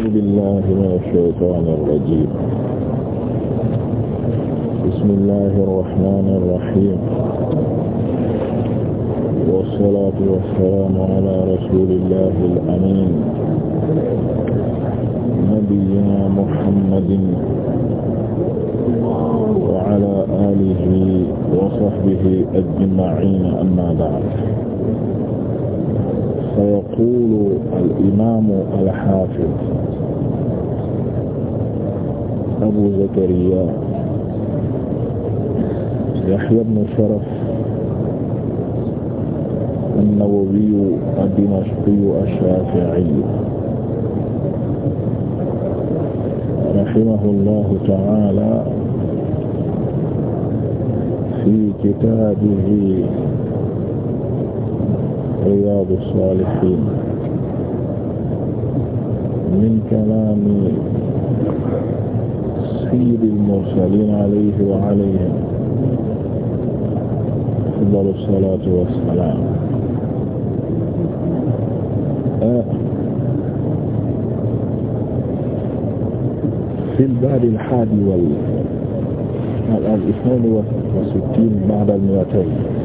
أعوذ بالله من الشيطان الرجيم بسم الله الرحمن الرحيم والصلاة والسلام على رسول الله الأمين نبينا محمد وعلى آله وصحبه أجمعين أما بعد fa yaqulu al imaamu al xaafid abu zakariya yaxya bnu sharaf an-nawawiyu ad-dimashqiyu ash-shaafi'iyu rahimahullahu ta'aala fi kitaabihi Riyaadu Saalihiin min kalaami sayyidil mursaliin alayhi wa alayhim afdalu salaatu wa salaam fil baabul haadi wal isnaani wa sittiin ba'dal mi'atayn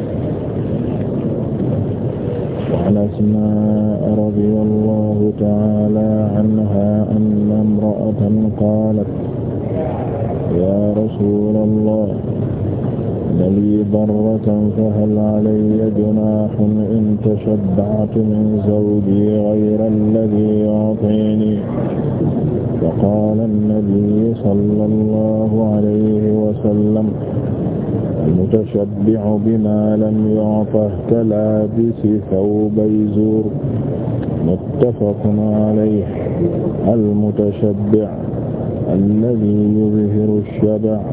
وعن أسماء رضي الله تعالى عنها أن امرأة قالت يا رسول الله لي ضرة فهل علي جناح إن تشبعت من زوجي غير الذي يعطيني فقال النبي صلى الله عليه وسلم almutashabbihu bima lam yu'ta kalabisi thawbay zur muttafaqun alayhi almutashabbih alladhi yuzhiru ash-shab'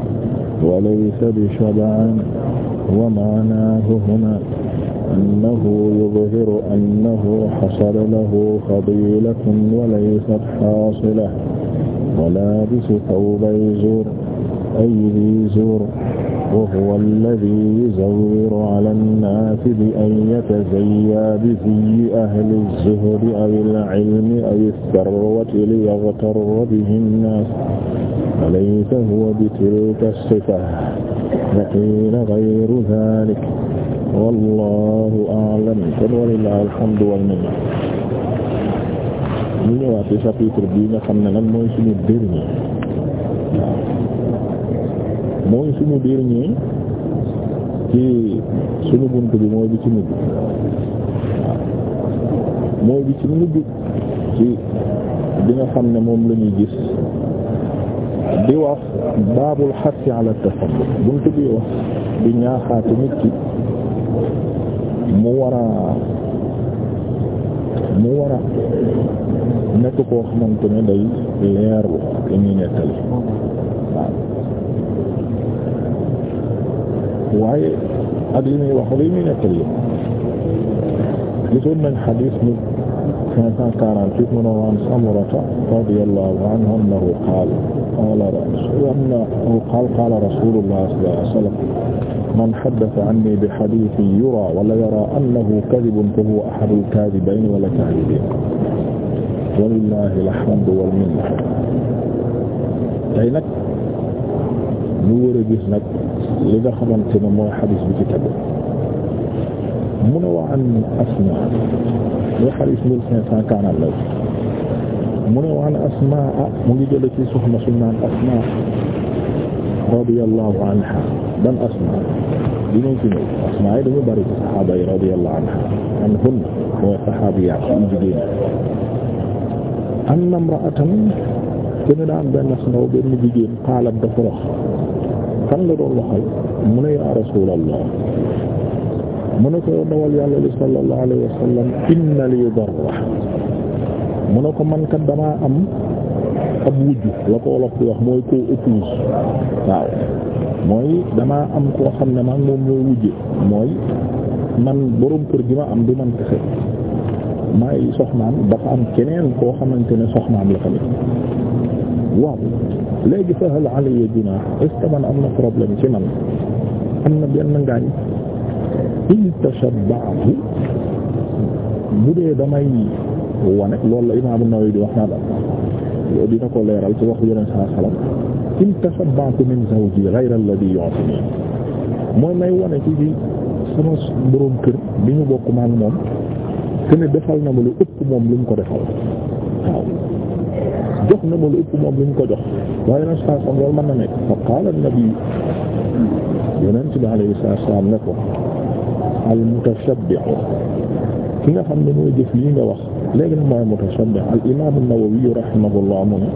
wa laysa bi-shab' wa ma'nahu huna annahu yuzhiru annahu hasala lahu fadilatun wa laysat hasilatun wa labisa thawbay zur ay dhi zur وهو الذي يزور على الناس بأن يتزيا بزي أهل الزهد أو العلم أو الثروة ليغتر به الناس فليس هو بتلك الصفة وقيل غير ذلك والله أعلم ولله الحمد والمنة ñu ñëwaat ci chapitre bi nga xam ne nag mooy suñu dernier mooy suñu dernier ci suñu bunt bi mooy bi ci mujj mooy bi ci mujj bi nga xam ne moom la ñuy gis di wax baabul xassi ala tasaddaq bunt bi wax di ñaaxaate nit mu war a mu war a nekk koo xamante ne day leerlu li ñuy nettali waaye ak li muy wax li muy nekkal yëpp gisoon nañ xadiis mi cinq cent quarante-huit mu ne waan Samurata radiyallahu anhu annahu qaala qaala annahu qaala qaala rasulullah sallallahu alayhi wa sallam man haddatha anni bi hadiithin yuraa wala yaraa annahu kadhibun fahuwa ahadul kaadhibayni wala kaadhibiin walillahi alhamdu wal minna tey nag ñu war a gis nag li nga xamante ne mooy xadis bi ci tegu mu ne waa an asma mooy xadis mille cinq cent quarante la mu ne waa an asma ah mu ngi jële ci soxna su naan asma radiyallahu anha dan asma dinañ ci ñëw asma yi dañu bari ci saxaaba yi radiyallahu anha anhunna mooy saxaabiyaat yu jigéen anna imra'atan kenn daan benn ndaw benn jigéen xaalat dafa wax kan la doon waxal mu ne yaa rasuulallah mu ne ko dawal yàlla li sallallahu alayhi wa sallam inna li mu ne ko mankat kat damaa am ab wujj la ko wolof di wax mooy koo épouse waaw mooy damaa am koo xam ne man moom ñooy wujje mooy man boroom kër gi ma am du man kese maay soxnaam dafa am keneen koo xamante ne soxnaam la tamit waaw léegi fa hal alayya junah est man am na problème ci man am na benn ngaañ in tashabba'tu bu dee damay wane loolu la Imaam An-Nawawi di wax naa daal dina ko leeral ci wax yeneen saa xalam in tashabba'tu min zawji ghayra di yu'tini mooy may wane ci di sama borom kër bi ñu bokk maag moom te defal na ma lu ëpp moom lu mu ko defal waaw jox na ma lu ëpp moom lu ñu ko jox waaye nag saa soxna loolu na nekk fa qaala an-nabi yonent bi alayhi salaam ne ko al-mutashabbihu ki nga xam ne mooy jëf lii nga wax léegi nag mooy mutashabbih al-imaam an-Nawawi rahimahullah mu ne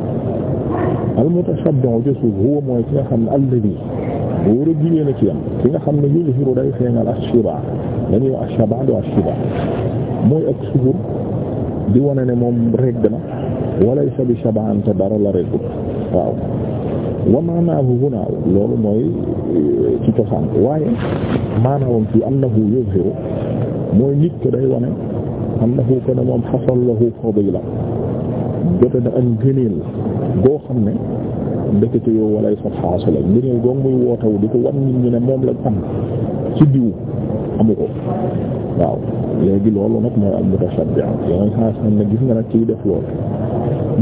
al-mutashabbihu ci suuf huwa mooy ki nga xam ne alladhi góor ak jigéen a ci yam ki nga xam ne yuzhiru day feeñal ash-shiba dañuy wax mooy ak di wane ne moom regg na. walaysa bi shab'an te dara la rekut waaw wa maanaahu huna loolu mooy eh, ci cosaan waaye maanaawam fii annahu yuzhiru mooy nit ko day wane annahu kana moom xasal lahu fadila jote na ak ngëneel goo xam ne yow walaysa xaasila ngëneel goo muy wootaw di ko wan nit ñi ne moom lañ am ci diw amu ko waaw léegi loolu nag mooy al mutashabbi yeneen xaas na gis nga nag ciy def loolu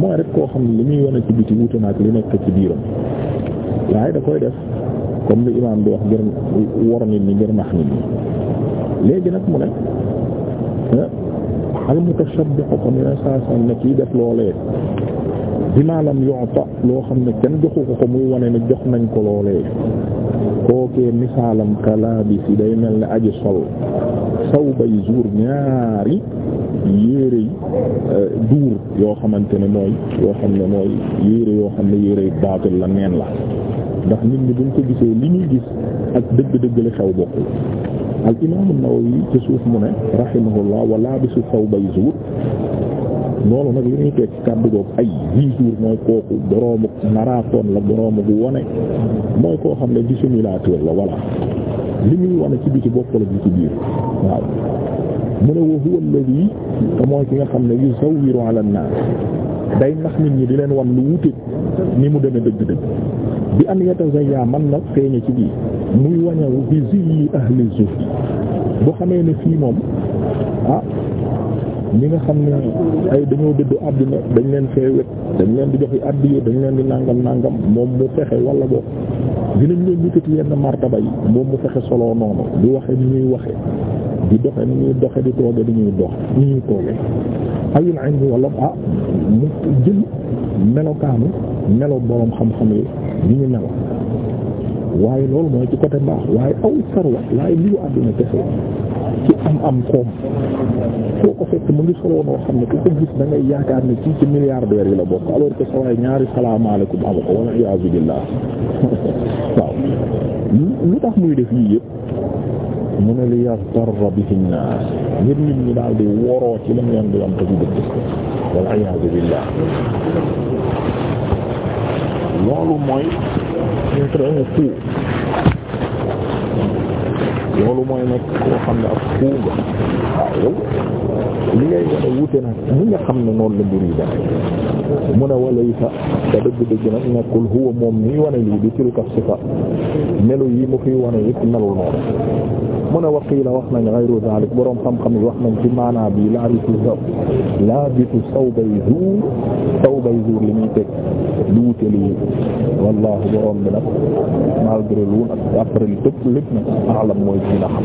mooy rek koo xam ne li muy wane ci biti wuute na li nekk ci biiram waaye da koy def comme li imaam bi wax ngir wor nit ñi ngir nax nit ñi léegi nag mu ne ah, al mutashabbihu comme def loolee bima loo xam ne kenn joxu ko ko muy wane ne jox nañ ko loolee kookee misaalam kalaabisi day mel ne aji sol saw bay jour ñaari yéere yi euh, duur yoo xamante ne mooy yoo xam ne mooy yéere yoo xam ne yéere baatil la neen la ndax nit ñi buñ ko gisee li ñuy gis ak dëgg-dëgg li xew bokkul al imaamu Nawawi ci suuf mu ne rahimahullah wa laabisu thawbay zuur loolu nag li ñuy teg kàddu googu ay huit jours mooy kooku boroomu marathon la boroomu bu wone mooy koo xam ne dissimulateur la voilà li muy wone ci biti bokkul ak ci biir waaw mu ne wa huwa alladhi te mooy ki nga xam ne yuzawwiru ala an-nas day nax nit ñi di leen wan lu wute ni mu demee dëgg-dëgg bi an yatazayya man na feeñe ci bii muy wañaw bi zilli ahli zuhd boo xamee ne fii moom ah ñi nga xam ne ay dañoo dëddu àdduna dañ leen fee dañ leen di joxi àddiya dañ leen di nàngam nàngam moom mu fexe wala boo dinañ leen yëkkati yenn martaba yi moom mu fexe solo noonu di waxe ni ñuy waxe di doxe ni ñuy doxe di tooge di dox ni ñuy tooge ayul ilmi wala ah, mu jël melokaanu melo boroom xam-xam yi ni ñu melo waaye loolu mooy ci côté mbaax waaye aw sarwa waaye liu àddina kese ci am am koom foo ko fekk mu ngi soloo xam ne ku ko gis da yaakaar ne ci ci milliardaires yi la bokk alors que sa waay ñaari salaamaaleykum amu ko wala iyaazu billaah waaw lu tax muy def yii yëpp mu ne li yaghtarra bi an-naas ngir nit ñi daal di woroo ci lim leen di wan te du dëgg wal iyaadu billaah loolu mooy intérêt fou loolu mooy nekk koo xam ne ak fou nga waaw yow li ngay wane wute nag ñi nga xam ne noonu la mbir yi def mu ne wala yi sa dëgg-dëgg nag nekkul huwa moom miy wane lii di tilka sifa melu yi mu fiy wane yëpp melul noonu mu ne waqiila wax nañ ghayru zalik boroom xam-xam yi wax nañ ci maanaa bi labitu saw labitu saw bay zuur saw bay zuur li muy teg du wute lii wallaahu boroom bi nag malgré loolu ak après li tëpp lépp nag alam mooy ci na xam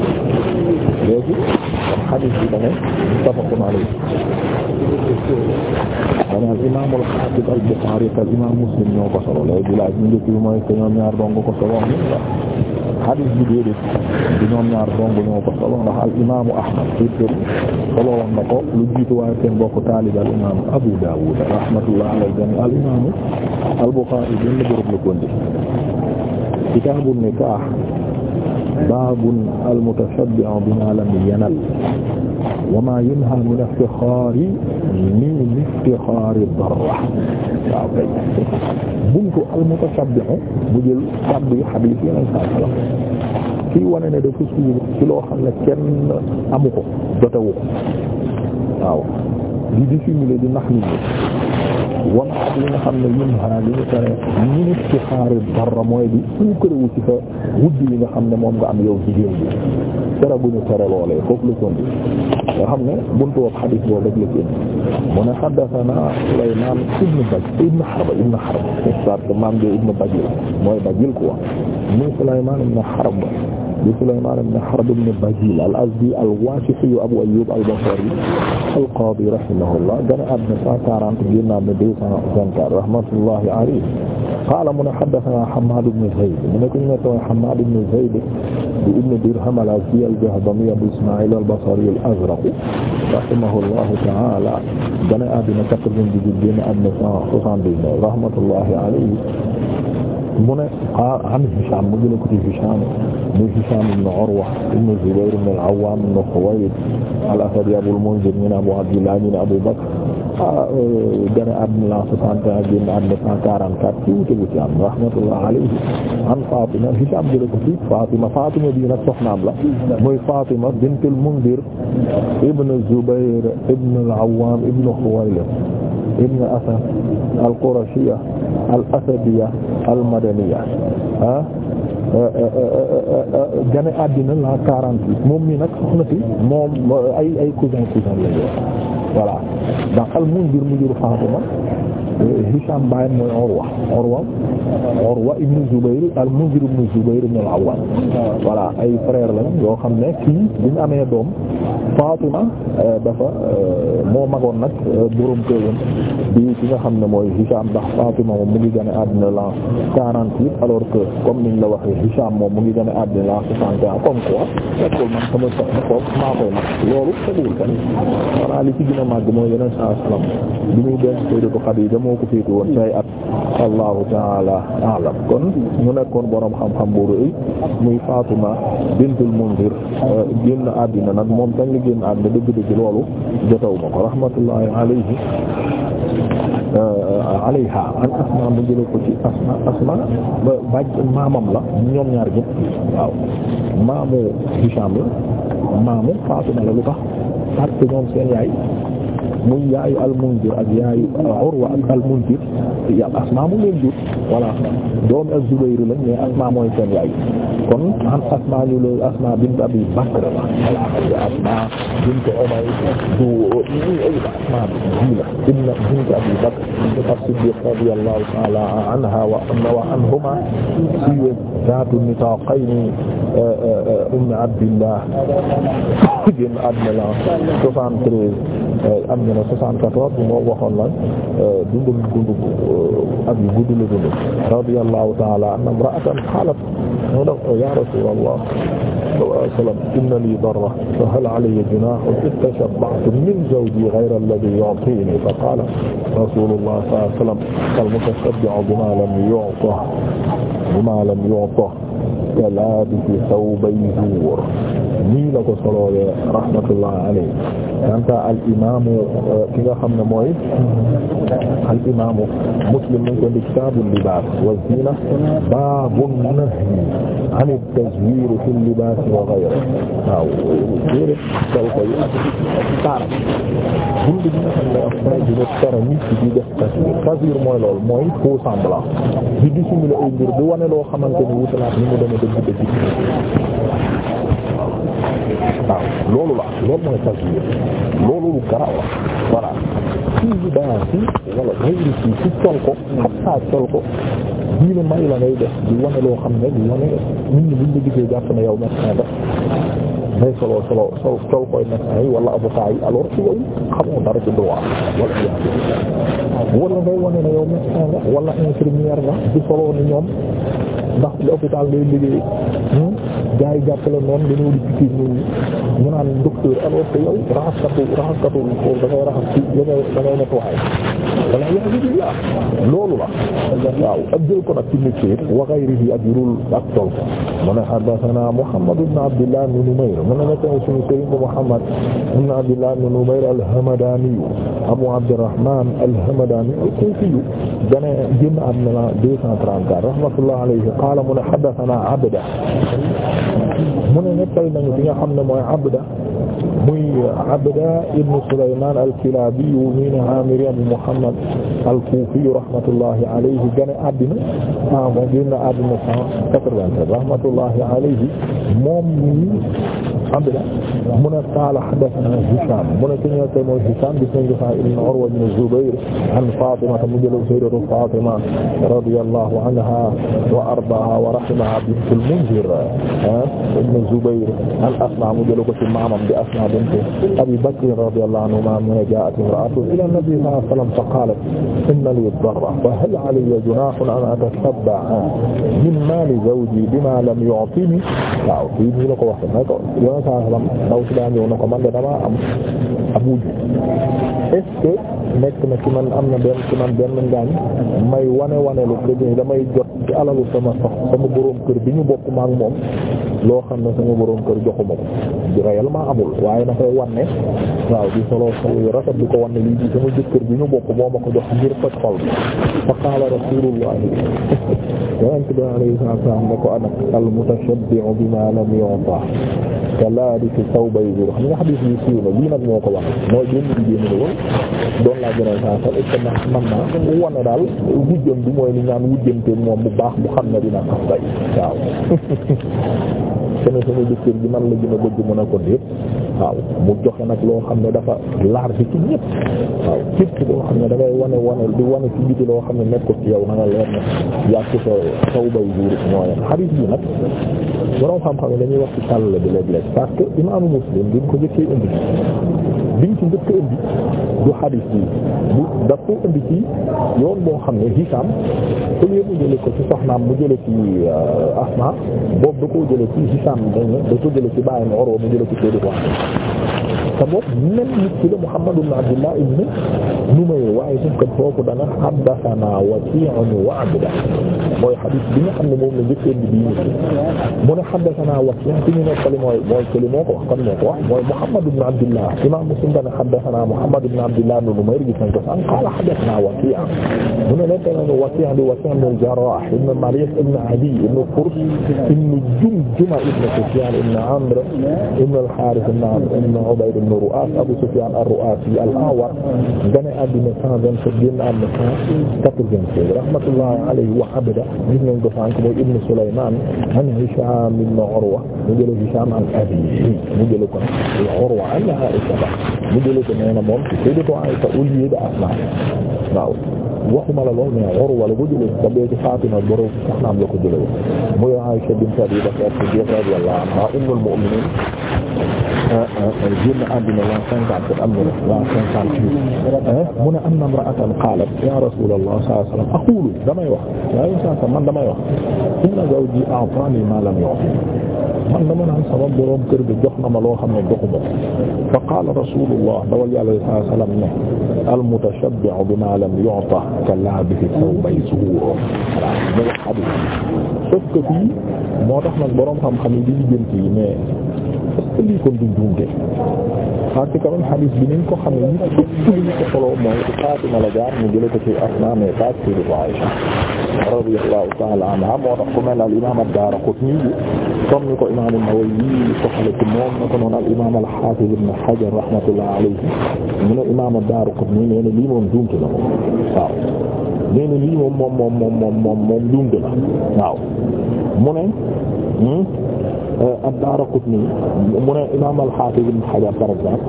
léegi xadiis bi dane muttafaqun alayhi dane al imaam al xaafid al buxaari al imaam muslim ñoo ko solo léegi laaj ñu njëkk bi mooy te ñoom ñaar doon nga ko solo hadith a déedéet di ñoom ñaar dong ñoo ko solo ndax al imaamu Ahmad Tirmidhi solo woon al imaamu Abu Dawud rahmatullah alayhi jami al imaamu al Bukhari benn bërëb la ko indi baabun al-mutashabbi'u bimaa lam yanal wa maa yunhaa min al-iftixaari nii li-iftixaari waaw kay buntu al-mutashabbi'u jël kàddu yu xadiis yeneen saa salaam kii wane ne dafa suur ci kenn amu ko jotewu ko waaw di dissimuler di nax wam ak li nga xam ne ñun xanaa li ñu tere ñu nit ci xaaru dara mooy bi suñ këréwu ci sa wujj yi nga xam ne moom nga am yow jigéen bi tere bu ñu tere loolee foofu la kondi nga xam ne buntu wax xadiis boobu rek la ci mu ne xaddathana Sulaymaan ibnu Baj ibnu Harb ibnu Harb parce maam de ibnu Bajil mooy Bajil quoi muy Sulaymaan ibnu Harb di Sulaymaan ibn Harb ibn Bajiil al-Azdi al-Waashifi Abu Ayyuub al-Basri al-Qaadi rahimahullah gane àddina 140 génn àddina 224 rahmatullahi alayhi qaala mu ne haddathanaa Hammaad ibn Zayd mu ne ko ñu ne Hammaad ibn Zayd di ibn Dirham al-Azdi al-Jahdami Abu Ismaa'iil al-Basri al-Azraq rahimahullahu ta'aala gane àddina 98 génn àddina 179 rahmatullahi alayhi mu ne ah, an Hisham mu jëlee ko ci Hisham mu Hisham ibn Urwa ibn Zubayr ibn al-Awwam ibn Khuwaylid al-Asadi Abul Munzir ñu ne Abu Abdillah ñu ne Abu Bakr ah gane àddina la 61 génn àddina 144 ci wute wu ci am rahmatullah alayhi an Fatima Hicham jële ko ci Fatima Fatima bii nag soxnaam la mooy Fatima bint al-Mundhir ibn Zubayr ibn al-Awwam ibn Khuwaylid ibn Asad al-Qurashiyya al-Asadiyya al-Madaniyya ah gane àddina la 48 moom mi nag soxna si moom ay ay cousin cousin la voilà ndax al mundir mu jur Fatima Hisham baayam mooy Urwa Urwa Urwa ibn Zubayr al-Mundhir ibn Zubayr ibn al-Awwam voilà ay frère lañ yoo xam ne kii bi mu amee doom Fatima euh, dafa euh, moo magoon nag euh, borom këram bi ki nga xam ne mooy Hisham ndax Fatima moom mu ngi gën a la l'an quarante-huit alors que comme niñ la waxee Hisham moom mu ngi gën a àddina l'an soixante et un comme quoi fekkul man sama soxna kooku maa koy mag loolu fekkul kan voilà li ci gën a màgg mooy yeneen saa salaam bi muy denc Sayyidatu Khadija moo ko féete woon ci ay at allahu taala alam kon mu nekkoon borom xam-xam bu rëy muy Fatima bintul Munzir euh, génn àddina nag moom dañ la génn àddina dëgg-dëgg loolu jotaw ko rahmatullahi alayhi euh, alayha an asma mu jële ko ci asma asma ba baj maamam la ñoom ñaar ñëpp waaw maamu Hisham la maamu Fatima la lu tax parce que ñoom seen yaay muy yaayu al-Munzir ak yaayu Urwa ak al-Munzir ya Asmaa mu leen jur voilà doomi az-Zubayr lañ mais Asmaa mooy seen yaay kon an Asmaa ñu la Asmaa bint Abi Bakr la voilà Asmaa bint Umar du Asmaa bi la inna bint Abi Bakr as-Siddiq radiyallahu ta'ala anha wa anhuma siwe zaatu nitaaqayni Umm Abdillah génn àddina la 73 Euh, am ñu ne 74 moo waxoon euh, euh, la dundul dundu ak yu gudd la dund radiyallahu ta'ala anha imra'atan qalat ya rasulallah sallallahu alayhi wa sallam inna li darra fa hal alayya junah tashabba'tu min zawji ghayra alladhi yu'tini fa qala rasulullah sallallahu alayhi wa sallam al mutashabbi'u bima lam yu'ta bima lam yu'ta kalaabisi thawbay zuur nii la ko soloowe rahmatullah alayhi kanta euh, ki nga xam ne mooy al imaamu muslim nañ ko di kitaabul libaas wa ziina baabun nahyi ani tazwiir fil libaas wa ghayrihi waaw téere sol ko yi ak taar bunt nga xam ne ak tay dina tere ci di def tazwiir tazwiir mooy lool mooy faux semblant di dissimuler ay mbir di wane loo xamante ni wutalaat ni mu deme dëgg dëgg waaw loolu la loolu mooy taswiir loolu lu garaaw la voilà fii bi baax si wala gayri si col ko xattaa col ko diine may la ngay def di wane loo xam ne di wane nit ñi buñ la gisee jàpp ne yow médecin def ngay solo solo sol col koy médecin yi wala avocat yi alors que xamoo dara ci droit wala ngay wane ne yow médecin nga wala infirmière nga di solo ni ñoom ndax di hôpital ngay liggéey hmm? gars yi jàppale noonu dañoo di pikiir ñooñu ñu naan docteur alors que yow raxaskatu raxaskatu da ngay raxas ci da ngay da ngay nettoyer wala yalibila loolu la waaw ak jël ko nag ci métier wa ghayrihi ak yurul ak tol ko mu ne haddathana Muhammad ibn Abdillah ibn Numayr mu ne nekk suñu sëriñ Muhammad ibn Abdillah ibn Numayr al-Hamadani Abu Abdurrahman al-Hamadani al-Kufi gane génn am na 234 rahmatullah alayhi qala mu ne haddathana Abda mu ne nettali nañu bi nga xam ne mooy Abda muy Abda ibn Sulaymaan al-Kilaabi ñu ne Aamiri Abu Muhammad al-Kuufi rahmatullahi alayhi gane àddina ah moom génn àddina cent quatre-vingt-sept rahmatullahi alayhi moom Abda mu ne qaala haddathana Hisham mu ne ki ñu te mooy Hisham di seen Hisham ibn Urwa ibn Zubayr an Fatima mu jëloon sayyidatu Fatima radiyallahu anha wa ardaaha wa rahimaha bintul Munzir ibn Zubayr an Asma mu jëloon ko ci maamam di Asma bint Abi Bakr radiyallahu anhuma mu ne jaa'at imra'atun ila an-nabi sallallahu alayhi wa sallam fa qaalat inna li darra fa hal alayya junaahun an atatabba'a min maali zawji bimaa lam yu'tini waaw fii nii la ko waxee ndaw si daa ñëw na ko man de damaa am ab wujj nekk na ci man am na benn ci man benn ngaañ may wane wanelu këj damay jot ci alalu sama sox sama boroom kër bi ñu bokk maak moom loo xam ne sama boroom kër joxuma ko bi réellement amul waaye na koy wanne waaw di solo sol yu rafet di ko wanne lii di sama jëkkër bi ñu bokk moo ma ko jox ngir toj xol bi fa qaala rasulullahi yonent bi alayhi salaam ne ko ana al mutashabbi'u bima lam yu'ta ka labisu thawbayn xam nga xadiis bi siiw na lii nag moo ko wax mooy génn di génn la woon doon laa gënal saa sal est-ce que ndax man naa wane daal wujjam bi mooy li ñaan wujjante moom bu baax bu xam ne dina tax day waaw kene sama a a ko déet waaw mu joxe nag loo xam ne dafa large ci ñépp waaw képp loo xam ne da ngay wane wane di wane ci biti loo xam ne nekkul ci yaw na nga leer ne yàgg sa saw bay juri ñoo yem xadiis bi nag borom xam dañuy wax ci tàll bi léeg-léeg parce que imaamu muslim bi ko jëkkee bi ñu ci njëkk indi du xadiis daf ko indi ci yoon boo xam ne Hisaam au lieu jële ko ci soxnaam mu jële ci euh, Asma boobu da koo jële ci Hisaam dañ da ko jële ci bàyyam Urwa mu jëlee ko Sayyidatu Aisha te boobu même nit ki la Muhammad ibn Abdullah numéro waaye suuf kat foofu dana haddathana waki'un wa'bada mooy xadis bi nga xam ne moom la njëkkeen bi bii muslim mu ne haddathana waki' ci ñu nekkali mooy mooy këli moo ko wax kon moo ko wax mooy Muhammad ibn Abdillah imam Muslim dana haddathana Muhammad ibn Abdillah ibn Numayr gis nañ ko san qala haddathana waki' mu ne nekk nañu waki' di waki' ibn al-Jarrah ibn Malik ibn Adi ibn Furs ibn Jumjuma ibn Sufyan ibn Amr ibn al-Harith ibn Amr ibn Ubayd ibn Ru'as Abu Sufyan ar-Ru'asi al-Awar àddina cent vingt-sept génn àddina cent quatre-vingt-seize rahmatullahi a wa abada gis nañ ko sànk mooy ibnu Sulaymaan an Hishaam wax Urwa mu jële Hishaam an abiihi mu jële ko Urwa an Aisha mu jële ko nee na moom ci Sayyidatu Aisha au lieu de Asmaa waaw waxuma la lool mais Urwa la ko jëlee te bee ci Fatima borom soxnaam la ko jëlee muy Aisha bint Abi Bakr as-Siddiq radiyallahu anha ummul mu'minin génn àddina la cinquante am na la cinquante huit mu ne am na imra'atan qaalat ya rasulallah sallallahu alayhi wasallam aqulu damay wax yaa saa man damay wax inna zawji a'tani ma lam yu'ti man dama naan sama borom kër bi jox na ma loo xam ne joxuma ko fa qaala rasulullah dawal yàlla sallallahu alayhi wasallam ne al mutashabbi'u bima lam yu'ta ka labithi thawbay zuur voilà ñu wax xadis sauf que fii moo tax nag borom xam-xam yi di lijjanti yi mais te lii kon duñ juumte parce que quand bi niñ ko xam ne ñi ëpp li ñu ko solo mooy Fatima la jaar ñu jële ko ci Asma mais pas ci Aïcha ta'ala anha moo tax ku mel al imam ad-Daraqutni comme ni ko imam an-Nawawi soxla ci moom na ko noon al imam al-Hafiz ibn Hajar rahmatullah alayhi mu ne imam ad-Daraqutni nee na lii moom juumte na moom na lii moom moom moom moom moom moom juumte na waaw mu ne hmm? Euh, ad-Daaraqutni mu ne imaam al-Haafiz ibn Hajar par exemple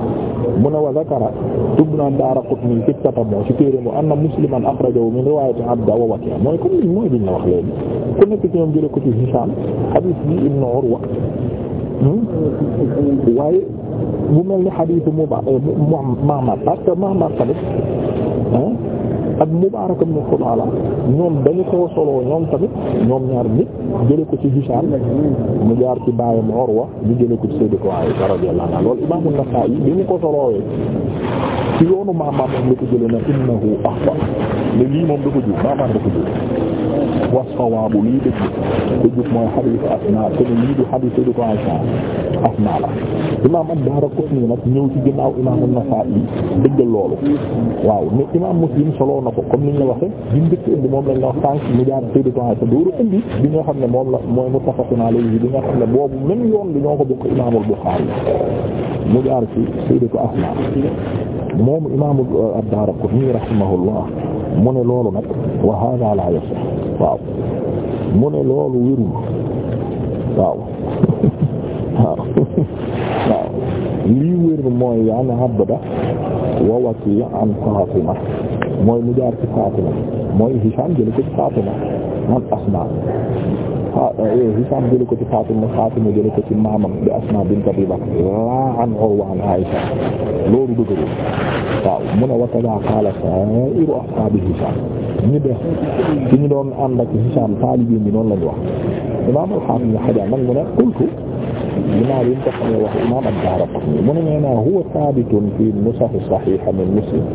mu ne wa zakara tudd na ad-Daaraqutni ci katamoo ci téere mu anna Musliman akhrajahu min riwaayati Abda wa Waki' mooy comme li mooy biñ la wax léegi ku nekk ci ñoom jële ko ci Hishaam hadiis bi ibn Urwa hmm? waaye bu mel ni hadiisu Muhammad parce que Muhammad tamit ak Mubaarak ibn Xulaala ñoom dañu koo soloo ñoom tamit ñoom ñaar nit jële ko ci Hishaam mu jaar ci baayam Urwa ñu jële ko ci Sayyidatu Aisha radiyallahu lool loolu Imaam An-Nasaa'i bi ñu ko soloowee ci yoonu maamaam moom la ko jëlee na innahu axta lii moom da ko jur maamaam da ko jur wa sawaabu lii dëgg ko jub mooy xadiisu Asmaa te ni lii du xadiisu du ko Asmaa la imaam ad-Daaraqutni nag ñëw ci ginnaaw imaam an-Nasaa'i dëggal loolu waaw ne imaam Muslim soloo na ko comme niñ la waxe bi njëkk indi moom lañ la wax tànk mu jaar bi nga xam ne moom la mooy muttafaqun alayhi bi nga xam ne boobu même yoon bi ñoo ko bokk imaamul Buxaari mu jaar ci Sayyidatu Asmaa moom imaam ad-Daaraqutni rahimahullah mu ne loolu nag wa haaza laa yasih waaw mu ne loolu wérul waaw waaw waaw lii wér mooy an Abda wa Waki' an Fatima mooy mu jaar ci Fatima mooy Hisham jële ko ci Fatima an Asma ah, eh, Hisham jële ko ci Fatima Fatima jële ko ci maamam bi Asma bint Abi Bakr laa an Urwa an Aisha loolu dëgërul waaw mu ne wa kaza qaala saa'iru ashaabi Hisaam ñu def ci ñu doon ànd ak Hisaam taalibe bi noonu lañu wax imaam al-Haafiz Ibn Hajar nag mu ne qultu ginnaaw bi ñu ko xamee wax imaam ad-Daaraqutni mu ne nee naa huwa saabitun fi nusakh sahiha min Muslim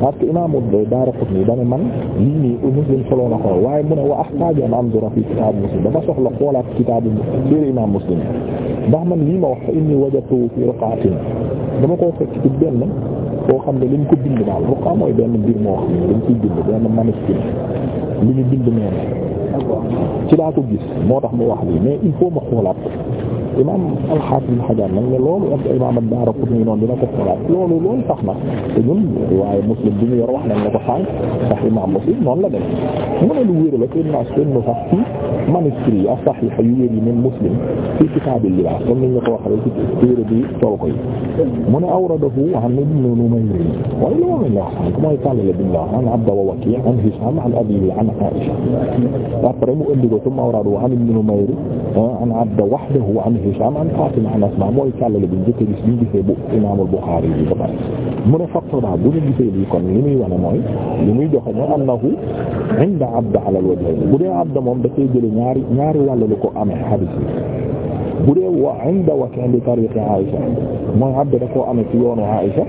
parce que imaam ad-Daaraqutni da ne man lii nii Muslim solo na ko waaye mu ne wa axtaaju an anzura fi kitaab Muslim dama soxla xoolaat kitaabu téere imaam Muslim ndax man lii ma wax fa inni wajadtu fi riqaatin dama koo fekk ci benn koo xam ne lañ ko bind daal ruqa mooy benn mbir moo xam ne dañ koy bind benn manuscrit lu ñu bind neen ci laa ko gis moo tax mu wax lii mais il faut ma xoolaat ko imaam al-Hafiz Ibn Hajar nag ne loolu ak imaam ad-Daraqutni noonu dina ko xoolaat loolu loolu tax na te ñun waaye Muslim bi ñu yor wax nañ la ko sànq sax imaam Muslim noonu la def mu ne lu wér la kenn naa kenn sax fii manuscrits yi as-sahih yu wér yi même Muslim fi kitaab al-libaas comme ni ñu ko waxee ci téere bi tool ko yi mu ne awradahu an Ibn Numayr waaye li moom lañ la wax sànq mooy tàllale bi ñu la wax an Abda wa Waki' an Hishaam an abiihi an Aisha après mu indi ko summa awradahu an Ibn Numayr an Abda wahdahu an Hishaam an Faatima an Asmaa mooy tàllale bi njëkk a gis bi ñu gisee bu Imaam al-Buxaari bi ba pare mu ne faqtaba bu ñu gisee lii kon li muy wane mooy li muy joxe mooy annahu inda Abda ala al-wajhayn bu dee Abda moom da cee jële ñaari ñaari wàll lu ko amee xadiis bu dee wa inda bi tariqi Aisha mooy abd da koo amee ci yoonu Aisha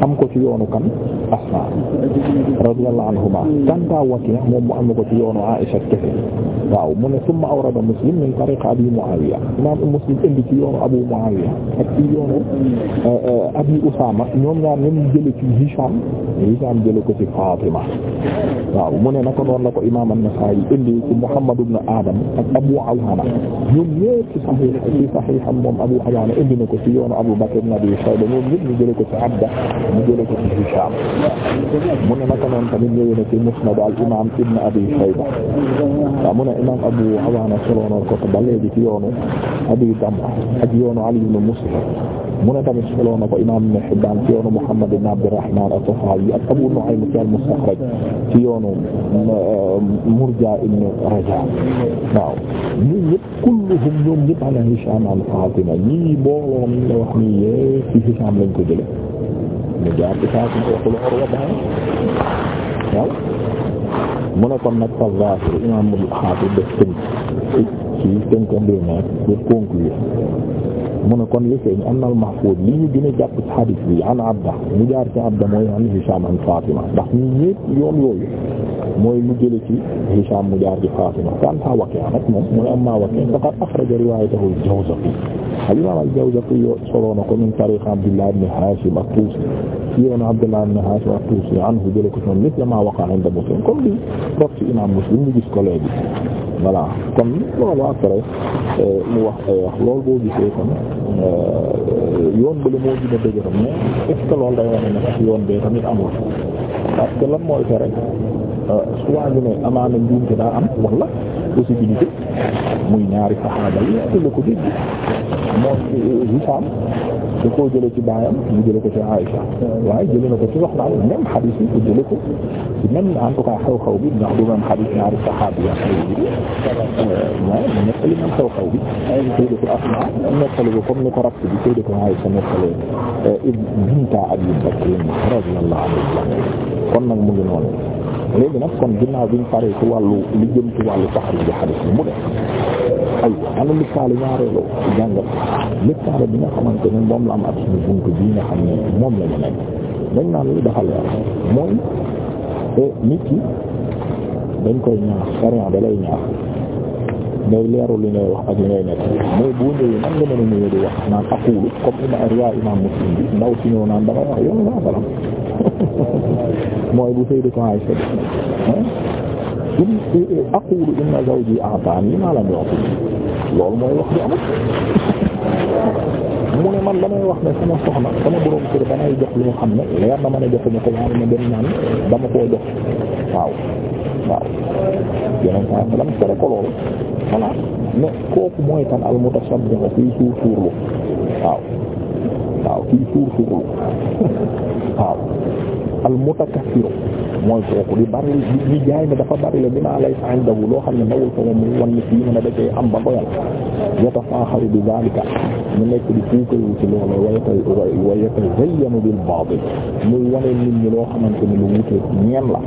am ko ci yoonu kan Asma radiyallahu anhuma kanta waqi' moom mu ko ci yoonu Aisha kese waaw mu ne summa awrada Muslim min tariqi Abi Muawiya imam Muslim indi ci yoonu Abu Muawiya ak ci yoonu euh, Abi Usama ñoom ñaar ñoom jële ci Hisham Hisham jële ko ci Fatima waaw mu ne naka noonu la ko imam An-Nasa'i indi ci Muhammad ibn Adam ak Abu Awana ñoom ñépp ci Sahih ci saxiixam moom Abu Hayaana indi na ko ci yoonu Abu Bakr ibn Abi Shayba ñoom mu ñu jëlee ko ci Abda mu jëlee ko ci Hishaam mu ne naka noonu tamit ñëwee na ci Musnad al-Imaam ibn Abi Shayba waaw mu ne Imaam Abu Hayaana solo na ko ba léegi ci yoonu Abi Damra ak yoonu Ali ibn Muslim mu ne tamit solo na ko imaam Ibn Hibbaan ci yoonu Muhammad ibn Abdurrahmaan at-Tahawi ak Abu Nu'aym ci al-Mustaxraj ci yoonu euh, Murja ibn Rajaa waaw ñun ñëpp kulluhum ñoom ñëpp ala Hishaam an Faatima ñii mbooloo mi la wax nii yee ci Hishaam lañ ko jële mu jaar ci Faatima waxul Urwa waaw mu ne kon nag al-Zaahir imaam al-Haafiz def tënk ci tënk mbir mi pour conclure mu ne kon yëfee ni anna al mahfuz li ñu gën a jàpp ci hadis bi an abda mu jaar ci abda mooy an Hisham an Fatima ndax ñu ñépp yoon yooyu mooy lu jële ci Hisham mu jaar ci Fatima kanta Waki' nag moom mu ne amma Waki' faqad akhraja riwayatahu al-Jawzaqi al-imam al-Jawzaqi yo soloo na ko min tariq Abdullah ibn Hashim at-Tusi ci yoon Abdullah ibn Hashim at-Tusi anhu jële ko ci moom misla ma waqa'a inda Muslim comme li rot ci imam Muslim ñu gis ko léegi voilà kon loolu après euh, mu wax ay euh, wax loolu boo gisee kon euh, yoon bële moo gën a dëgër tamit amul parce que lan mooy tere soit ñu ne amaana njuumte daa am wala possibilité muy ñaari saxaaba yi te la ko dégg mooy Hisaam da koo jëlee ci baayam mu jëlee ko ci Aïcha waaye jëlee na ko ci soxnaam même xadis yi mu jëlee ko ci même en tout cas xew-xew bi ndax du même xadis ñaari saxaabi ya euh, mais nettali même xew-xew bi sayyidatu Asma nettali ko comme ni ko rabt bi sayyidatu Aïcha nettalee euh, binta Abi Bakr radiyallahu anhu kon nag mu ngi noonu léegi nag kon ginnaaw biñ paree ci wàllu li jëm ci wàllu taxriij bi xadis bi mu def ay ana lëkkaale ñaareelu jàngat lëkkaale bi nga xamante ne moom la am ak suñu buntu bii nga xam ne moom la ñu nekk dañ naan lu dafa leer mooy nit ki dañ koy ñaax sariya da lay ñaax day leeru li ngay wax ak li ngay nekk mooy bu ñëwee nan nga mën a wax naan aqulu comme ima riwaa imam muslim bi ndaw si ñëw naan damay wax yoon laa baram mooy bu Sayyidatu Aisha in aqulu inna zawji a'tani ma lam yu'ti loolu mooy wax bi amul mu ne man damay wax ne sama soxna sama borom kër damay jox lu xam ne leer na ma ne joxuma ko waaye ma dem naan dama koo jox waaw waaw yeneen al mutasabbihu kuy suur suurlu waaw waaw mooy kooku di bari di jaay ne dafa bari la bi lay saa ñu dagu loo xam ne nawul ko moom wan ni fii mu ne da cee am ba doyal yatafaaxaru bi zaalika ñu nekk di puukarewu ci loolu wayata wayata zayyanu bil baatil muy wane nit ñi loo xamante ni lu wute ñeen la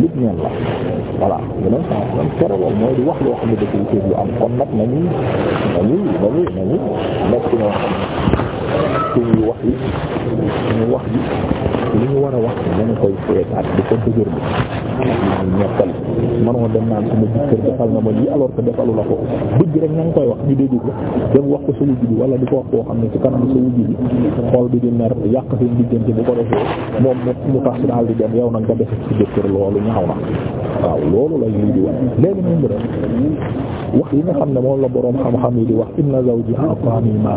lit ñeen la voilà yeneen saa kon tere lool mooy di wax loo xam ne dafa wute lu am kon nag nañu nañu nañu nañu nekk ñoo wax yi suñu wax yi war a wax dana koy seetaat di ko dëgër bi naan ñettali manoo dem naan sama jëkkër defal na ma lii alors que defalu la ko bëgg rek na nga koy wax ñu dégg ko dem wax ko sa wujj bi wala di ko wax koo xam ne ci kanam sa wujj bi xol bi di mer yàq seen diggante bu ko defee moom mu mu tax si daal di dem yow nag nga def ci jëkkër loolu ñaaw na waaw loolu lay lii di wax léegi moom rek wax yi nga xam ne moom la boroom xam-xam yi di wax inna zawji atani ma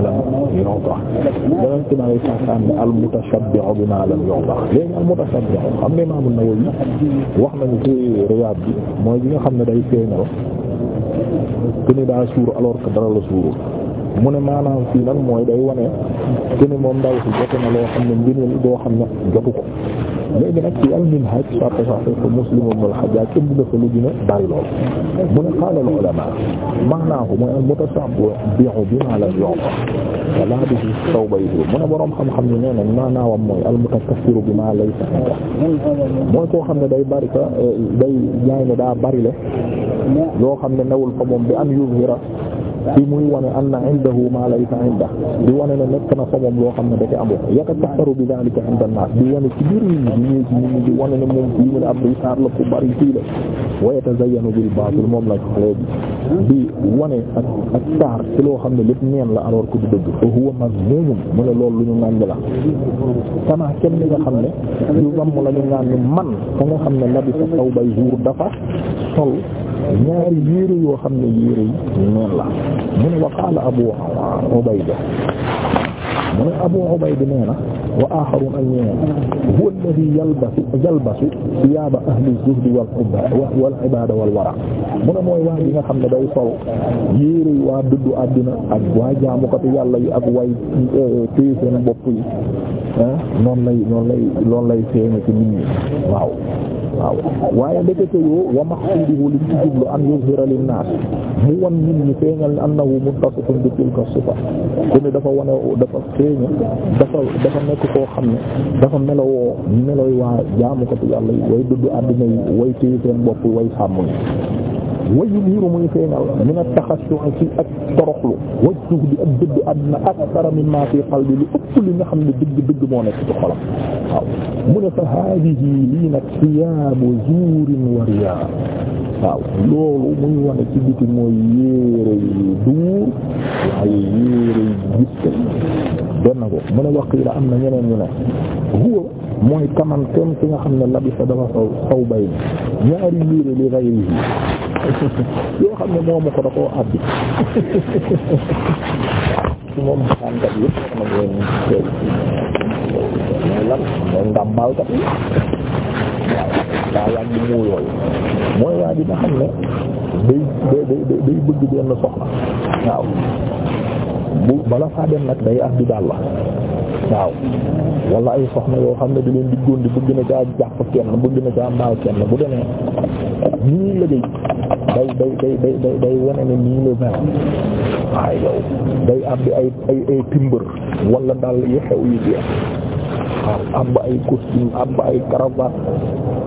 lam yuta léegi al-Mutashabbi xam nga Imaam na nawawi wax nañu ci Riyaad bi mooy bi nga xam ne day feeñal que ni daa suur alors que dara la suurul mu ne maanaam fii nag mooy day wane que ni moom ndaw si jote na loo xam ne mbir doo xam ne jotu ko. léegi nag ci al-Minhaj sartu Sahih Muslim ibn al-Hajjaj indi na fa lu dina bari lool mu ne qaala al-ulama maanaahu mooy al-mutashabbihu bima lam yu'ta wa laabisu thawbayhi mu ne boroom xam-xam ni nee nañ maanaawam mooy al-mutakaffiru bima laysa mooy koo xam ne day bari ka day jaay ne daa bari le yoo xam ne newul fa moom bi an yuzhira ci muy wane anna indahu ma laysa inda di wane ne nekk na fa moom loo xam ne da ci amul yatakaffaru bi dhalika inda an-nas di wane ci biir nit ñi ci nit ñi di wane ne moom fii mu ne ab risaar la ku bari fii la wa yatazayyanu bil baatil moom la léegi di wane ak ak taar ci loo xam ne lépp neen la alors que du dëgg fa huwa mazmuum mu ne loolu lu ñu naan la kamaa kenn li nga xam ne yu gàmm la ñu naan man ka nga xam ne nabi sa taw bay jour dafa sol ñaari jiiru yoo xam ne jiiru yi neen la mu ne wa qaala Abu Ubayda mu ne Abu Ubayda nee na wa aaxarun ak ñeneen huwa alladhi yalbasu yalbasu siyaaba ahli zuhd wal wal ibaada wal wara mu ne mooy waa yi nga xam ne day sol yéeru waa dëddu àddina ak waa jaamukatu yàlla yi ak way eh, téye seen bopp yi eh, noonu lay noonu lay loolu lay feeñe ci nit ñi waaw waaw waaye ndekete yoo wa maqsuduhu li ci jublu an yuzhira lin nas mu wan nit ñi feeñal annahu muttasifun bi tilka sifa ku ne dafa wane dafa feeña dafa dafa nekk koo xam ne dafa melowoo yi waa jaamukatu yàlla yi way dudd àddina yi way téye seen bopp way sàmm yi wa yubiru muy feeñal min at-takhassu ci ak toroxlu wa zuhdi ak dëdd àddina akthara mimma fi qalbi lu ëpp li nga xam ne dëgg dëgg moo nekk ci xolam waaw mu ne fa haadihi lii nag siyaabu zuurin wa riyaa waaw loolu muy wane ci biti mooy yéere yu duur waaye yéere yu gis benn ko mu ne waqila am na ñeneen ñu ne mooy kaman kenn ki nga xam ne labisa dafa saw saw bay ñaari yére li yoo xam ne moom xaankat yëpp wax na leen teew mooy lan mooy ndàmbaalkat yi waaw daa yàgg muu mooy waa ji nga xam ne day day day day bëgg soxla waaw bu bala faa dem nag day àbbi daal la waaw wala ay soxna yoo xam ne di leen diggoon di bëgg na caa jàpp kenn bëgg na caa maal kenn bu demee ñi ñuy liggéey day day day day day day wane nii la mel waaye yow day am ay ay ay timbre wala daal yu xew yu jeex waaw am ba ay costume am ay cravate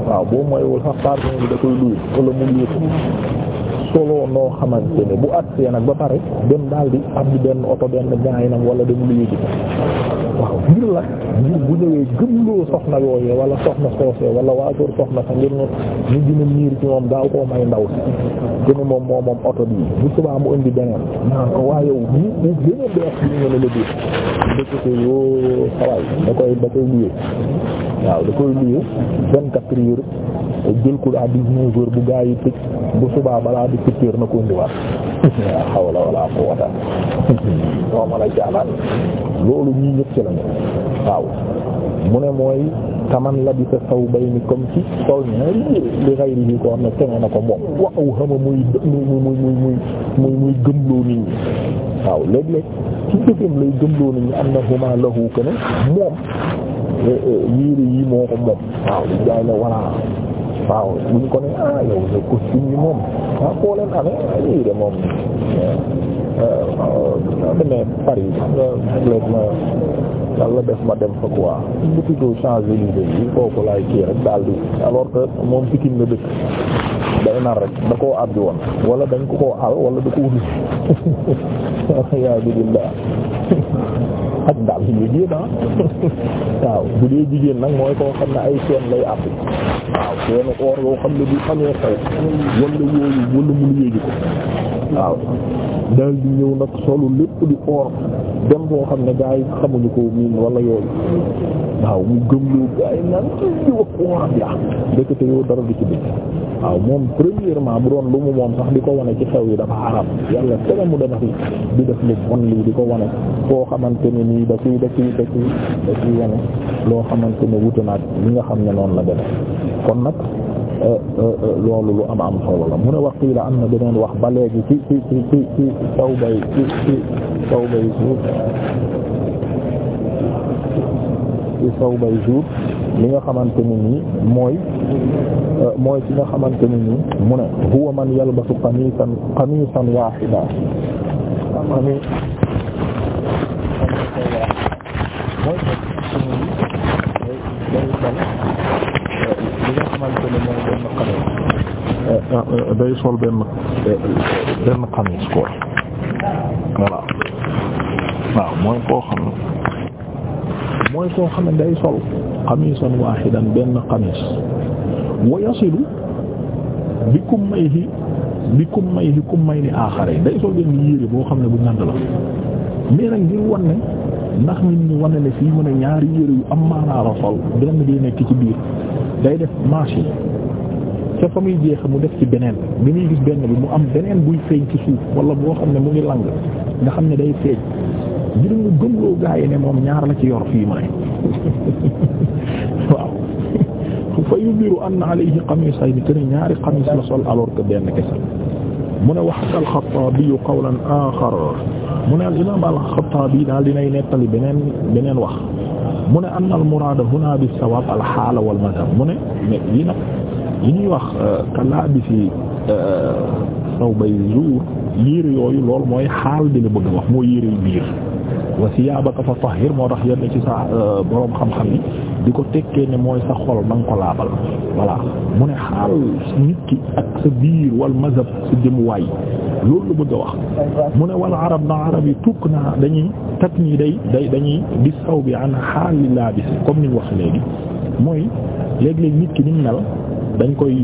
waaw boo mooywul sax parfum bi da koy luy wala mu luy solo noo xamante ne bu àggsee nag ba pare dem daal di am benn oto benn gaay nag wala dem luy ji waaw ngir la ngir bu ñëwee gëmloo soxna yooyee wala soxna soosee wala waajur soxna sa ngir ñu ñu gën miir ci moom gaaw koo may ndaw si gën moom moom oto bi bu subaa mu indi beneen naan ko waa yow bu bu gën a bees ne la biir dëkk ko yoo xawaay da koy da koy luyee waaw da koy luye vingt quatre heures jël bu gaa yi tëj bu subaa balaa di dix-sept heures na ko indiwaat waaw hawla wala quwwata moo loolu ñii ñëpp ci lañu waaw mu ne mooy taman la bi sa saw bay ni comme ci sol ñaari yére li xayri yi ko xam ne keneen na ko moom waaw xama muy muy muy muy muy muy gëmloo nit ñi waaw léeg-léeg ci jëfam lay gëmloo nit ñi am na huma lahu ko moom liiru eh, eh, yi moo ko moom waaw di jaay la walla waaw buñ ko ne ah yow sa costume yi moom ah koo leen amee lii ah, de moom eh, demee Paris complètement yàlla def ma dem fa quoi bu plutôt changer l'idée yi kooku laay kii rek daal di alors que moom Pikine la dëkk day nar rek da koo abdi woon wala dañ koo al wala da ko wuti yaa bi billah xaj daal si jigéen ah waaw bu dee jigéen nag mooy koo xam ne ay seen lay àpp waaw seenu or yoo xam ne bu xamee xew walla yooyu walla mu yéegi ko waaw daal ñëw nag solu lépp di or dem boo xam ne gaa yi xamuñu ko miin wala yooyu waaw mu gëm loo gaa yi naan ci wax oram ah. ya dëkkate yoo dara du ci dëkk waaw moom premièrement bu doon lu mu moom sax di ko wane ci xew yi dafa xaram yàlla te tere mu dema fi di def lu bon di ko wane foo xamante ne nii da ciy da ciy da ciy da ciy wane loo xamante ne wuute naag li nga xam ne noonu la deme kon nag Euh, euh, euh, loolu lu am am solo la mu ne wax fii la am na beneen wax ba léegi ci ci ci ci ci taw bay ci ci taw bay jour ci taw bay jour li nga xamante ne nii mooy mooy ci nga xamante ne nii mu ne huwa man yalbasu qamisan qamisan wahida day sol benn benn xamis quoi waaw mooy koo xam mooy koo xam ne day sol xamisan waaxidan benn xamis wa yasilu bi kum may hi bi kum may may ni aaxare day sol benn yére boo xam ne bu ngand la mais nag ngir wan ne ndax nit ñi wane ne fii mu ne ñaari yére yu am maanaa la sol benn bi nekk ci biir day def yi ca fa muy jeex mu def ci beneen bi muy gis benn bi mu am beneen buy feeñ ci suuf wala boo xam ne mu ngi lang nga xam ne day feeñ ngir mu gëmloo ne moom ñaar la ci yor fii mu ne waaw fa yubiru anna alayhi qamisayni te ne ñaari qamis la sol alors que benn mu ne wax al-Xattaabi qawlan aaxar mu ne al-imaam al-Xattaabi daal dinay nettali beneen beneen wax mu ne anna al-muraada huna bis-sawaab al wal mazhab mu ne li yi ñuy wax kalaa bi si saw bay zuur yére yooyu loolu mooy xaal bi la bëgg a wax moo yére yu biir wa siyaabaka fa tahhir moo tax yenn ci sa euh, boroom xam-xam yi di ko tekkee ne mooy sa xol na nga ko laabal voilà mu ne xaal nit ki ak sa biir wal mazhab sa jëmuwaay loolu bëgg a wax mu ne wal arab na arab yi tukk naa dañuy tat ñi day day dañuy bis saw bi an xaali laabis comme ni mu wax léegi mooy léeg-léeg nit ki ni mel dañ koy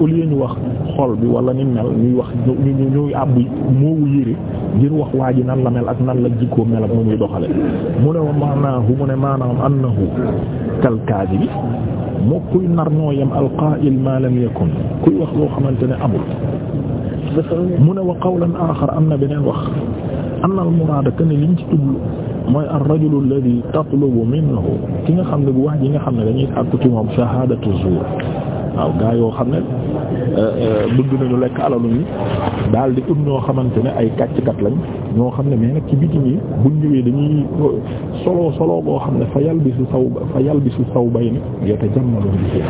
au ñu wax xool bi wala ni mel ñuy wax ñu ñu ñuy àbb moowu yëre ngir wax waa ji nan la mel ak nan la jikkoo mel ak mu ne wa maanaahu mu ne maanaam annahu kal kaadibi moo kuy nar ñoo yem alqaa'il ma lam yakun kuy wax loo xamante ne amul mu ne wa qawlan aaxar am na beneen wax anna al muraada ken liñ ci tublu mooy ar rajulu alladhi tatlubu minhu ki nga xam ne bu wax ji nga xam ne dañuy sàkku ci moom shahaadatu zuur waaw gaa yoo xam ne euh, euh, bëgg nañu lekk alalu yi daal di ut ñoo xamante ne ay kàcckat lañ ñoo xam ne mais nag ci biti ñi buñ ñëwee dañuy solo solo boo xam ne fa yalbisu saw fa yalbisu saw bay ni yata jàmmalo bi ci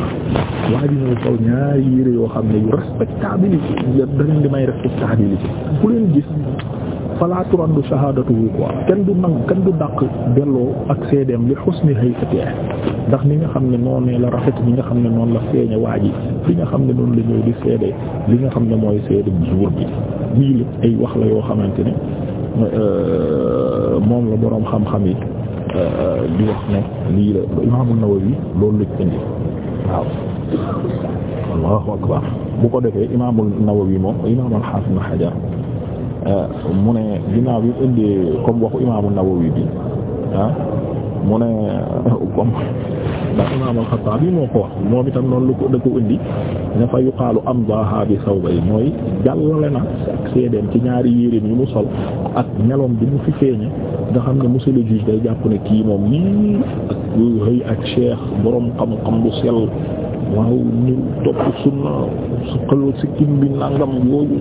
waa ji ñëw sol ñaari yére yoo xam ne yu respectabilité dañ di may respectabilité ku leen gis fala turaddu shahaadatuhu quoi kenn du nangu kenn du dàq delloo ak seedeem li husni hay'atihi ndax ni nga xam ne noonu la rafet bi nga xam ne noonu la feeñe waa ji li nga xam ne noonu la ñëw di seede li nga xam ne mooy seede jour bi lii la ay wax la yoo xamante ne euh, moom la boroom xam-xam yi euh, di wax ne lii la Imaam An-Nawawi loolu la ci indi waaw Allahu akbar bu ko defee Imaam An-Nawawi moom Imaam al-Hafiz Ibn Euh, mu ne ginnaaw bi mu indi comme waxu imaamu Nawawi bi ah, mu ne comme ndax imaam al-Xattaabi moo ko wax moom itam noonu lu ko da ko indi ne fa yuqaalu amdaaha bi sawbay mooy jàllale na ak seedeem ci ñaari yéreem yi mu sol ak meloom bi mu fi feeñe nga xam ne monsieur le juge day jàpp ne kii moom nii ak hëy ak cheikh boroom xam-xam bu sel waaw ñu topp sunna suqaloo sikkim bi nangam yooyu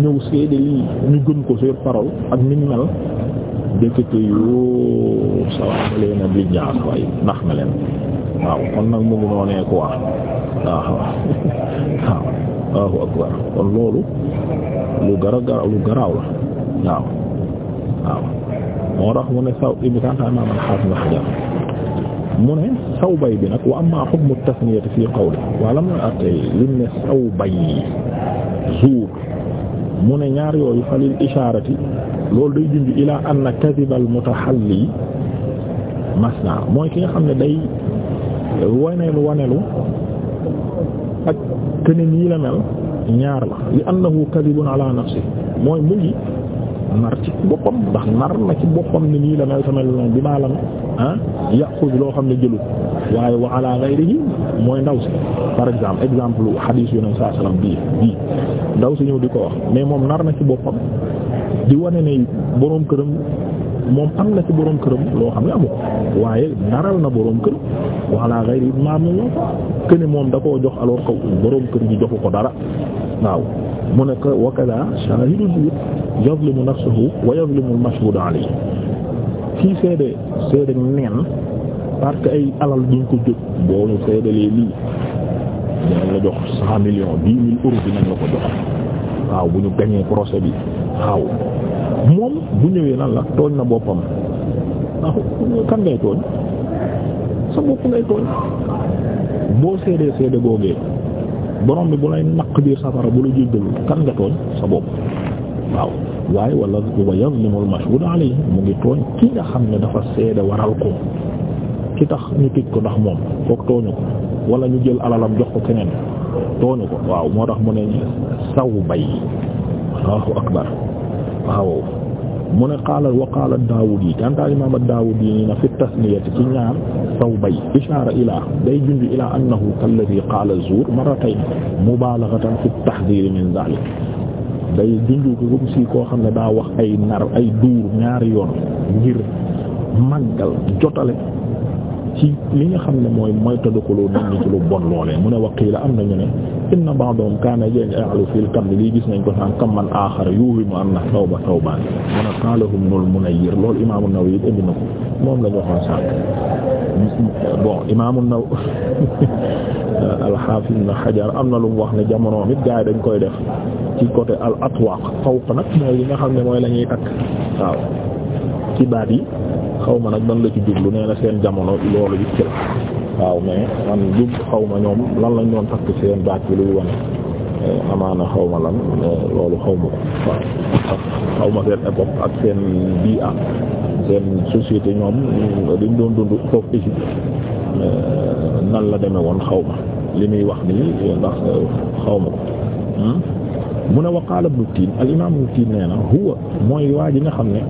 ñëw seede lii ñu gën ko sur parole ak niñ mel dëkkate yoo sawaama leen ab li ñaar waaye ndax na leen waaw kon nag mu ngi noonee ko wax waaw waaw waaw akbar kon moo tax mu ne saw ibi kantaay maa man xaas nga mu ne saw bay bi nag wa amma hukmu tasniyati fii qawli wala mooy attey liñ ne saw bay zuur mu ne ñaar yooyu fa lil isharati loolu day junj ila anna kadhiba al mutahalli mooy ki nga xam ne day waneelu waneelu ak keneen yi la mel ñaar la li annahu kadhibun ala nafsi mooy mu ngi nar ci boppam ndax nar na ci boppam ne nii la mel sama bi maa la ah yàqu loo xam ne jëlu waaye wa ala ghayrihi mooy ndaw si par exemple exemple hadith yonent saa bii bii si ñëw di ko wax mais moom nar na ci boppam di wane ne boroom këram moom am na ci boroom këram loo xam ne amu ko waaye naral na boroom kër wa ala ghayrihi maam ne moom que moom da koo jox alors que boroom kër gi joxu ko dara waaw. mu ne ko wa kaza shaahidu yazlimu nafsahu wa yazlimu al-mashhuud alayhi kii seede seede neen parce que ay alal duñ ko jóg boo ñu seedalee lii dinañ la jox cent ko jox bu ñu gañee procès bi waaw bu ñëwee nan la tooñ na boppam waaw kan ngay tooñ sa bopp ngay tooñ boo seedee seede googee borom bi bu lay naq biir safara bu la jéggalul kan nga tooñ sa bopp waaw waaye wala wa yazlimu al-mashhud mu ngi tooñ ki nga xam ne dafa seede waral ko ki tax ñu tëj ko ndax moom foog tooñu ko wala ñu jël alalam jox ko keneen tooñu ko waaw moo tax mu ne saw bay Allahu waaw mu ne qaala wa qaala Daawud yi kanta imaam Daawud yi nii na fi tasniyati ci ñaan saw ishaara ilaa day junj ilaa annahu kalladhi qaala zuur marratayn mubaalaghatan fi tahdhiir min dhalik day junj ko si koo xam ne daa wax ay nar ay duur ñaari yoon ngir màggal jotale ci li nga xam ne mooy moytandiku lu nit ñi ci lu bon loolee mu ne waqiila am na ñu ne. lakinna ba'dahum kaana yaj'alu fil kabd lii gis nañ ko saan kam man aaxar yuhimu anna tawba tawbaan mun a qaalahum nul munayyir loolu imaamu Nawawi indi na ko moom la ñu waxoon sànq bon imaamu Nawawi al-Haafiz Ibn am na lu mu wax ne jamonoom it gaa yi dañ koy def ci côté al atwaaq fawq nag mooy li ne mooy la ñuy takk waaw ci baat yi. xaw ma nag man la ci jublu nee na seen jamono loolu it ci la waaw mais man jub xaw ma ñoom lan lañ doon takk seen baat bi luy wane eh, amaana xaw ma lan loolu xaw ma ko ma seen époque ak seen bii am seen société doon dund foofu Égypte eh, la demee woon xaw ma li muy wax nii ma ko hmm? mu ne wax Ibnu Tiin al imaam Ibnu Tiin nee na huwa mooy waa ji nga xam ne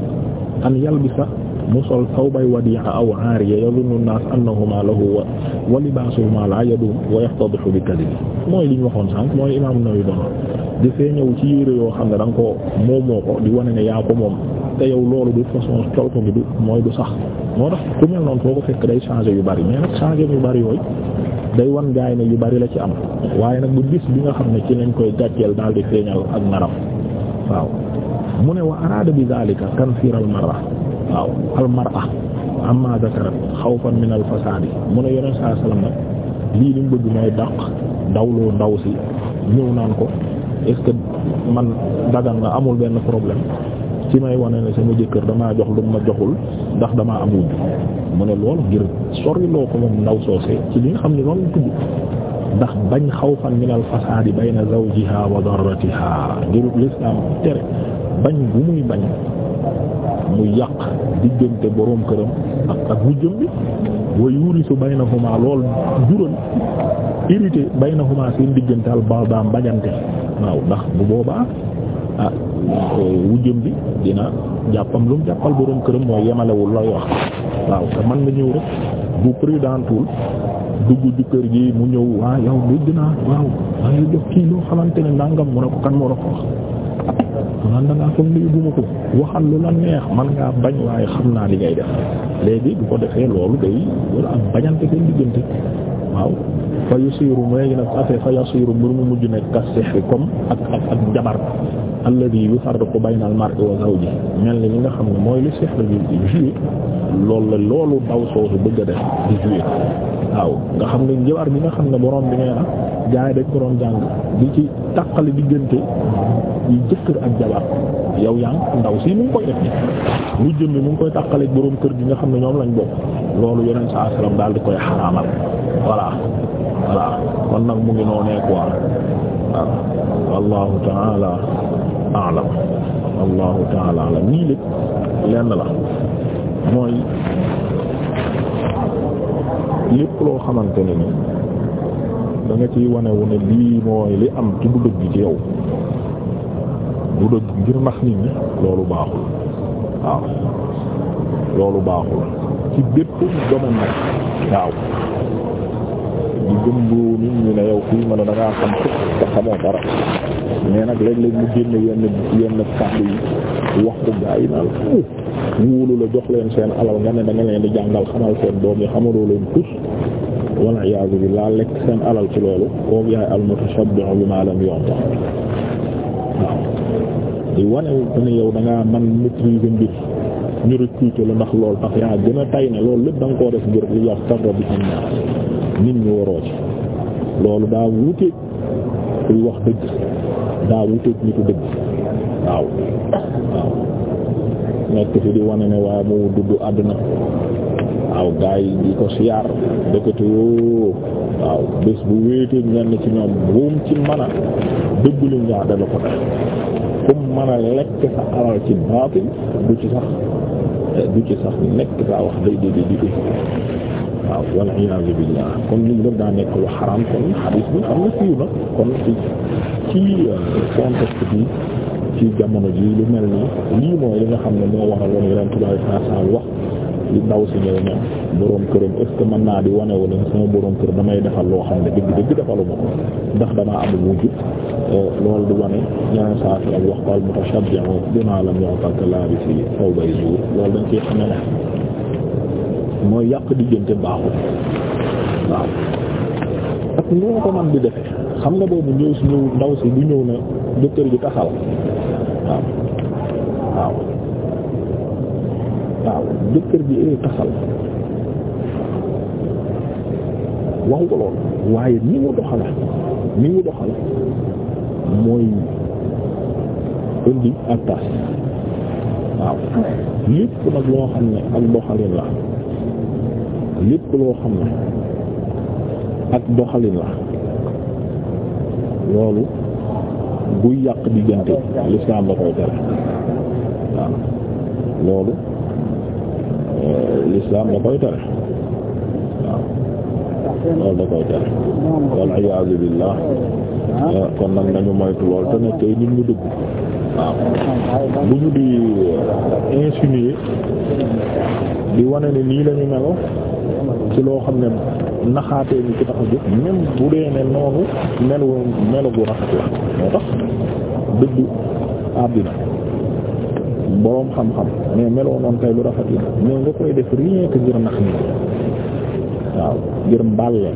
an yalbisa mu sol sawbay wadi'a aw aariya yadunnu an-naas annahuma lahu wa libaasuhuma la yadum wa yaftadihu bi kadhibi mooy li waxoon sànq mooy imaam Nawawi doon di fee ñëw ci yére yoo xam ne da nga ko moomoo ko di wane ne yaa ko moom te yow loolu de façon col ko du mooy du sax moo tax ku mel noonu foo ko fekk day changer yu bari mais nag changer yu bari yooyu day wan gaay ne yu bari la ci am waaye nag bu bis bi nga xam ne ci lañ koy gàcceel daal di feeñal ak naram waaw ne wa araada bi zalika tanfiral marra waaw almar'a amma zakarat xawfan min al fasadi mu ne yoneen saa sallam lii li mu bëgg mooy dàq dawloo ndaw si ñëw naan ko est-ce man dagan na amul benn problème ci may wane ne sama jëkkër damaa jox lu ma joxul ndax damaa am wujj mu ne lool ngir soriloo ko moom ndaw soosee ci li xam ne loolu tudd ndax bañ xawfan min al fasadi bayna zawjiha wa darratiha ngir l'islam tere bañ bu muy bañ mu yàq diggante boroom këram ak ak wujjëm bi wa yurisu baynahuma lool jural irrité baynahuma seen diggante al baghdam bañante waaw ndax bu boobaa ah wujjëm bi dina jàppam lu mu jàppal boroom këram mooy yemalewul lay wax waaw te man nga ñëw rek bu prudentul dugg ci kër gi mu ñëw waa yow dégg naa waaw maa ngi jox kii loo xamante ne ndàngam mu ne ko kan moo la wax naan da ngaa ko nuyu ko waxal lu la neex man ngaa bañ waaye xam naa li ngay def léegi du ko defee loolu day wala am bañante seen diggante waaw fa yusiru léegi nag affaire fa yusiru mbir mu mujj nekk kas sihri comme ak ak ak jabar alladhi yufarriqu bayna al-mar'i wa zawji mel ni li nga xam ne mooy li sihr bi di jouer loolu la loolu daw soosu bëgg a def di jouer waaw nga xam ne jabar bi nga xam ne borom bi nee na jaay dañ ko jàng di ci taqali diggante yi jëkkër ak jabar yow yaa ndaw si mu ngi koy def ni lu jëm mu ngi koy tàqaleeg boroom kër gi nga xam ne ñoom lañ bokk loolu yeneen sa asalaam daal di koy xaraamal voilà voilà kon nag mu ngi noonee quoi waaw wallahu taala alam wallahu taala alam nii lépp lenn la mooy lépp loo xamante ne ni da nga ciy wane lii mooy li am ci dugub bi ci yow. du dëgg ngir nax nit ñi loolu baaxul waaw loolu baaxul ci bépp domaine waaw di gëmloo nit ñi ne yow fii ma ne da ngaa xam fukk te xamoo dara mais nag léeg-léeg mu génne yenn yenn kàddu yi wax ko gaa yi naan fu wóolu la jox leen seen alal nga ne da nga leen di jàngal xamal seen doom yi xamaloo leen tus wal iyaazu laa lekk seen alal ci loolu kooku yaay al mutashabbihu bima lam yu'ta di wane ko ne yow da ngaa man maîtriser mbir ñu la ndax lool tax yaa gën a tay ne loolu lépp da nga koo def ngir li yox tarra bi xam nit ñu waroo ci loolu daa wuteeg kuy wax dëgg daa wuteeg nitu dëgg waaw nekk fi di wane ne waaye moo dudd àdduna waaw gars yi ko siyaar dëkkate yoo waaw bés bu wéetee ñenn ci ñoom buum ci mën dëgg li nga da ko def kum mën a lekk sa alal ci baatil du ci sax du nekk daa wax day day di waaw wal iyaazu billaah kon nekk lu xaraam kon xadiis bi xam na siiw na kon ci ci euh, bi ci jamono ji lu mel nii lii mooy li nga xam ne moo waral woon yeneen tubaab yi saa saa wax li ndaw si ñëw ne borom këram est ce que mën naa di wane wala sama borom kër damay defal loo xam ne dëgg dëgg defaluma ko ndax damaa amul wujj euh, lool di wane yeneen saa fi am wax ko al mutashabbihu bima lam yu'ta kalabisi thawbay zuur loolu dañ ciy xam ne mooy yàq baaxul waaw ak ñoo ko man di defe xam nga boobu ñëw si ñëw ndaw si du ñëw na jëkkër ji taxal waaw waaw waaw ji ee eh, taxal waxu ko lool waaye ni mu doxala ni mu doxala mooy indi attaas waaw lépp nag loo xam ne ak doxalin la lépp loo xam ne ak doxalin la loolu buy yàq diggante l'islam da koy tere waaw loolu euh, l'islam da koy tere loolu da koy tere wal iyaazu billah eh, kon nag nañu moytu lool te nekk tey ñun ñu dugg waaw bu ñu di eh, insinuer di wane ne nii lañu melo ci loo xam ne naxaatee ni ci tax a jóg même bu dee ne noonu melu bu rafet la moo tax dëgg àddina boroom xam-xam mais meloo noonu tey lu rafet la mais nga koy def rien que ngir nax ni waaw ngir mbàlle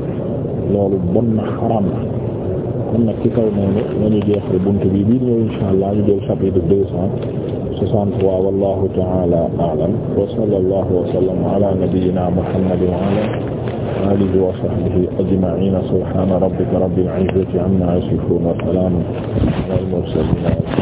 loolu bon na xaram na kon nag ci kaw noonu nañu jeexal bunt bi bii ñëw insha allah ñu jël chapitre deux cent soixante-trois wallahu ta'ala a'lam wa sallallahu wa sallam ala nabiyyina muhammad wa ala alihi wa sahbihi ajma'in subhana rabbika rabbil izzati amma yasifun wa salamun ala al mursalin